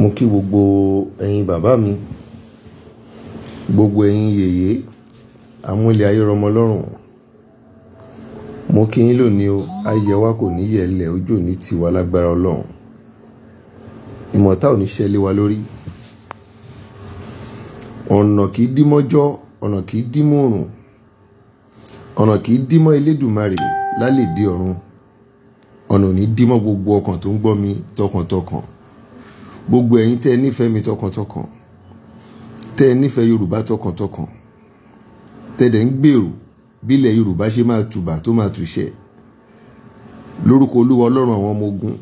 mo kí gbogbo ẹ̀yin bàbá mi gbogbo ẹ̀yin yèyé amúlẹ̀ ayé rọmọ lọ́rùn mo kí yín lónìí o ayé wa kò ní yẹlẹ̀ ojú ò ní tiwa lágbára ọlọ́run ìmọ̀ta ò ní ṣẹlẹ̀ wa lórí ọ̀nà kì í dímọ́jọ́ ọ̀nà kì í dímọ́ òrùn ọ̀nà kì í dímọ́ elédùnmarè lálẹ́ dé ọ̀run ọ̀nà ò ní dímọ́ gbogbo ọkàn tó ń gbọ́ mi tọkàntọkàn gbogbo ẹ̀yin tẹ́ ẹ nífẹ̀ẹ́ mi tọkàntọkàn tẹ́ ẹ nífẹ̀ẹ́ Yorùbá tọkàntọkàn tẹ́ ẹ dẹ̀ ń gbèrò bílẹ̀ Yorùbá ṣe máa tùbà tó máa túṣẹ́ lórúkọ Olúwa Ọlọ́run àwọn ọmọ ogun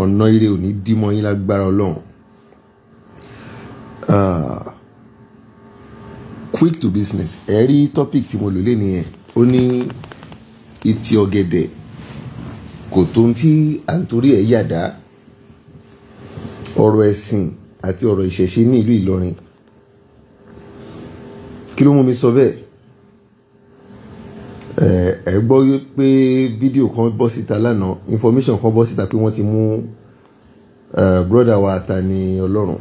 ọ̀nà ire ò ní yín lágbára Ọlọ́run ah, quick to business ẹ rí topic tí mo lò lé nìyẹn ó ní ìtì ọ̀gẹ̀dẹ̀ kò tó ń tí à ẹ̀ yàdá ọ̀rọ̀ ẹ̀sìn àti ọ̀rọ̀ ìṣẹ̀ṣe ní ìlú Ìlọrin kí ló mú mi sọ bẹ́ẹ̀ ẹ gbọ́ pé fídíò kan bọ́ síta lánàá information kan bọ́ síta pé wọ́n ti mú broda wa Tani Ọlọ́run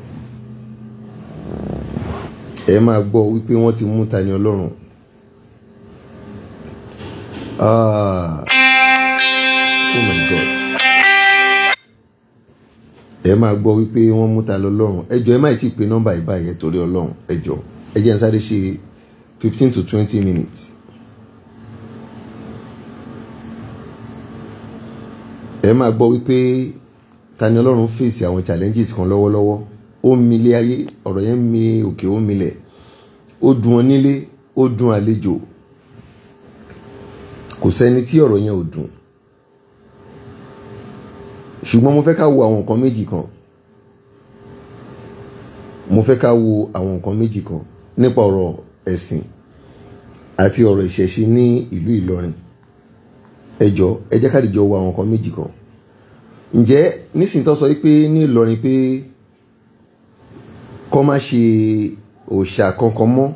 ẹ máa gbọ́ wípé wọ́n ti mú Tani Ọlọ́run. Ah. Oh my God ẹ máa gbọ́ wípé wọ́n mú ta lọ lọ́rùn ẹ ẹ má ti pe nọ́mbà yìí báyìí ẹ torí ọlọ́run ẹ jọ ẹ sáré ṣe fifteen to twenty minutes. ẹ máa gbọ́ wípé Tani Olohun fèsì àwọn challenges kan lọ́wọ́lọ́wọ́ ó mi ilé ayé ọ̀rọ̀ yẹn mi òkè ó milẹ̀ ó dùn wọn nílé ó dùn àlejò kò sẹ́ni tí ọ̀rọ̀ yẹn ò dùn ṣùgbọ́n mo fẹ́ ká wo àwọn nǹkan méjì kan mo fẹ́ ká wo àwọn nǹkan méjì kan nípa ọ̀rọ̀ ẹ̀sìn àti ọ̀rọ̀ ìṣẹ̀ṣe ní ìlú Ìlọrin ẹ jọ̀ọ́ ẹ jẹ́ ká dìjọ wo àwọn nǹkan méjì kan ǹjẹ́ nísìnyí tó sọ pé ní Ìlọrin pé kọ́ má ṣe òòṣà kankan mọ́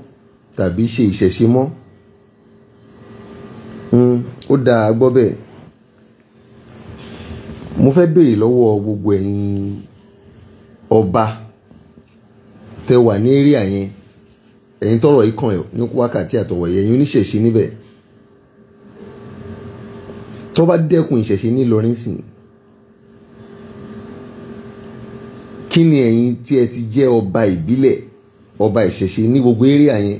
tàbí ṣe ìṣẹ̀ṣe mọ́ hmm, ó dáa gbọ́ bẹ́ẹ̀ mo fẹ́ béèrè lọ́wọ́ gbogbo ẹ̀yin ọba tẹ wà ní area yẹn ẹ̀yin tọrọ yìí kàn ní wákàtí àtọwọ̀ yẹn ẹ̀yin oníṣẹ̀ṣe níbẹ̀ tó bá dẹ́kun ìṣẹ̀ṣe ní Ìlọrin sìn kí ni ẹ̀yin tí ẹ ti jẹ́ ọba ìbílẹ̀ ọba ìṣẹ̀ṣe ní gbogbo area yẹn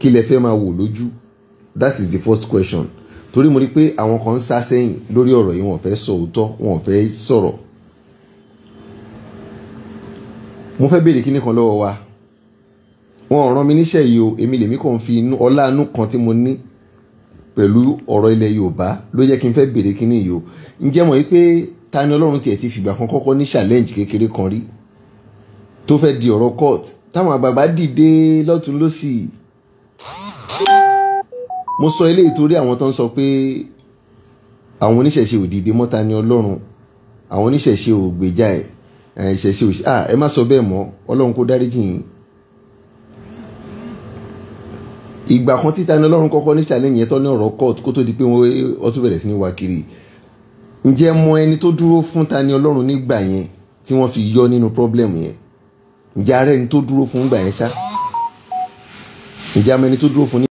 kí lẹ fẹ́ máa wò lójú that is the first question torí mo rí pé àwọn kan ń sá sẹ́yìn lórí ọ̀rọ̀ yìí wọ́n fẹ́ sọ òótọ́ wọ́n fẹ́ sọ̀rọ̀ mo fẹ́ béèrè kíní kan lọ́wọ́ wa wọn ràn mí níṣẹ́ yìí o èmi lèmi kàn fi inú ọlá inú kan tí mo ní pẹ̀lú ọ̀rọ̀ ilẹ̀ Yorùbá ló jẹ́ kí n fẹ́ béèrè kíní yìí o ǹjẹ́ mọ̀ wípé ta ni Ọlọ́run tiẹ̀ ti fìgbà kan kọ́kọ́ ní challenge kékeré kan rí tó fẹ́ di ọ̀rọ̀ court táwọn àgbààgbà dìde lọ́tún lọ́sì mo sọ eléyìí torí àwọn tó ń sọ pé àwọn oníṣẹ̀ṣe ò dìde mọ́ta ni ọlọ́run àwọn oníṣẹ̀ṣe ò gbèjà ẹ̀ ìṣẹ̀ṣe ò ah ẹ má sọ bẹ́ẹ̀ mọ́ ọlọ́run kó dáríjì yín ìgbà kan títa ni ọlọ́run kọ́kọ́ ní challenge yẹn tó ní ọ̀rọ̀ court kó tó di pé wọ́n tún bẹ̀rẹ̀ sí ní wá kiri ǹjẹ́ mọ ẹni tó dúró fún ta ni ọlọ́run nígbà yẹn tí wọ́n fi yọ nínú problem yẹn ǹjẹ́ ara ẹni tó dúró fún gbà yẹn ṣá ǹjẹ́ àmọ́ ẹni tó dúró fún